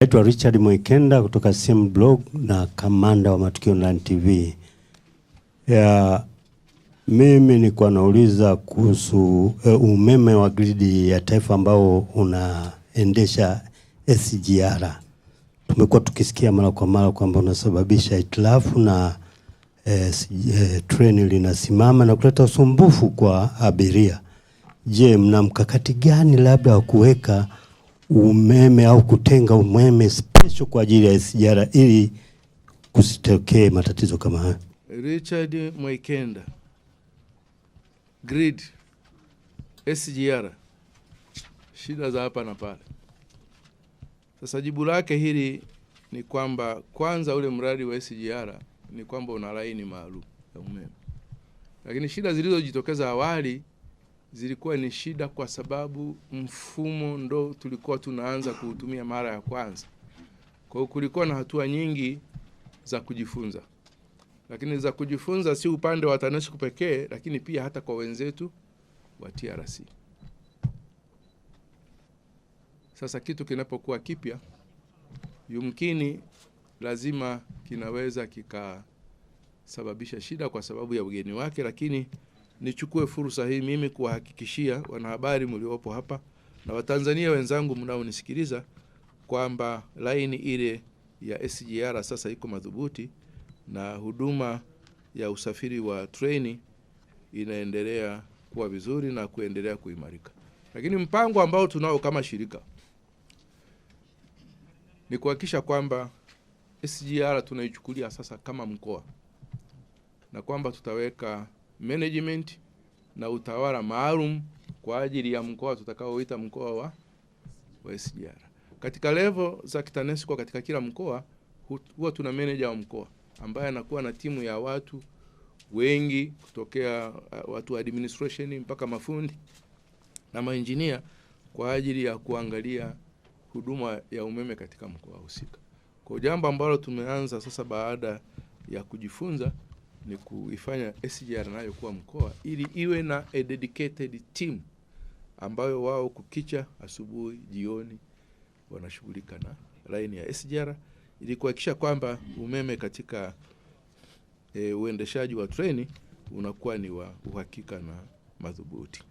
Naitwa Richard Mwekenda kutoka Sim Blog na kamanda wa Matukio Online TV. Ya, mimi nilikuwa nauliza kuhusu eh, umeme wa gridi ya taifa ambao unaendesha SGR. Tumekuwa tukisikia mara kwa mara kwamba unasababisha itilafu na eh, eh, treni linasimama na kuleta usumbufu kwa abiria. Je, mna mkakati gani labda wa kuweka umeme au kutenga umeme special kwa ajili ya SGR ili kusitokee matatizo kama haya. Richard Mwaikenda, grid SGR, shida za hapa na pale. Sasa jibu lake hili ni kwamba kwanza, ule mradi wa SGR ni kwamba una laini maalum ya umeme, lakini shida zilizojitokeza awali zilikuwa ni shida kwa sababu mfumo ndo tulikuwa tunaanza kuutumia mara ya kwanza. Kwa hiyo kulikuwa na hatua nyingi za kujifunza, lakini za kujifunza si upande wa TANESCO pekee, lakini pia hata kwa wenzetu wa TRC. Sasa kitu kinapokuwa kipya, yumkini lazima kinaweza kikasababisha shida kwa sababu ya ugeni wake, lakini nichukue fursa hii mimi kuwahakikishia wanahabari mliopo hapa na Watanzania wenzangu mnaonisikiliza kwamba laini ile ya SGR sasa iko madhubuti na huduma ya usafiri wa treni inaendelea kuwa vizuri na kuendelea kuimarika. Lakini mpango ambao tunao kama shirika ni kuhakikisha kwamba SGR tunaichukulia sasa kama mkoa na kwamba tutaweka management na utawala maalum kwa ajili ya mkoa tutakaoita mkoa wa, wa SGR. Katika levo za TANESCO katika kila mkoa huwa tuna meneja wa mkoa ambaye anakuwa na timu ya watu wengi kutokea uh, watu wa administration mpaka mafundi na maengineer kwa ajili ya kuangalia huduma ya umeme katika mkoa husika. Kwa jambo ambalo tumeanza sasa baada ya kujifunza ni kuifanya SGR nayo kuwa mkoa ili iwe na a dedicated team ambayo wao kukicha, asubuhi, jioni wanashughulika na laini ya SGR ili kuhakikisha kwamba umeme katika e, uendeshaji wa treni unakuwa ni wa uhakika na madhubuti.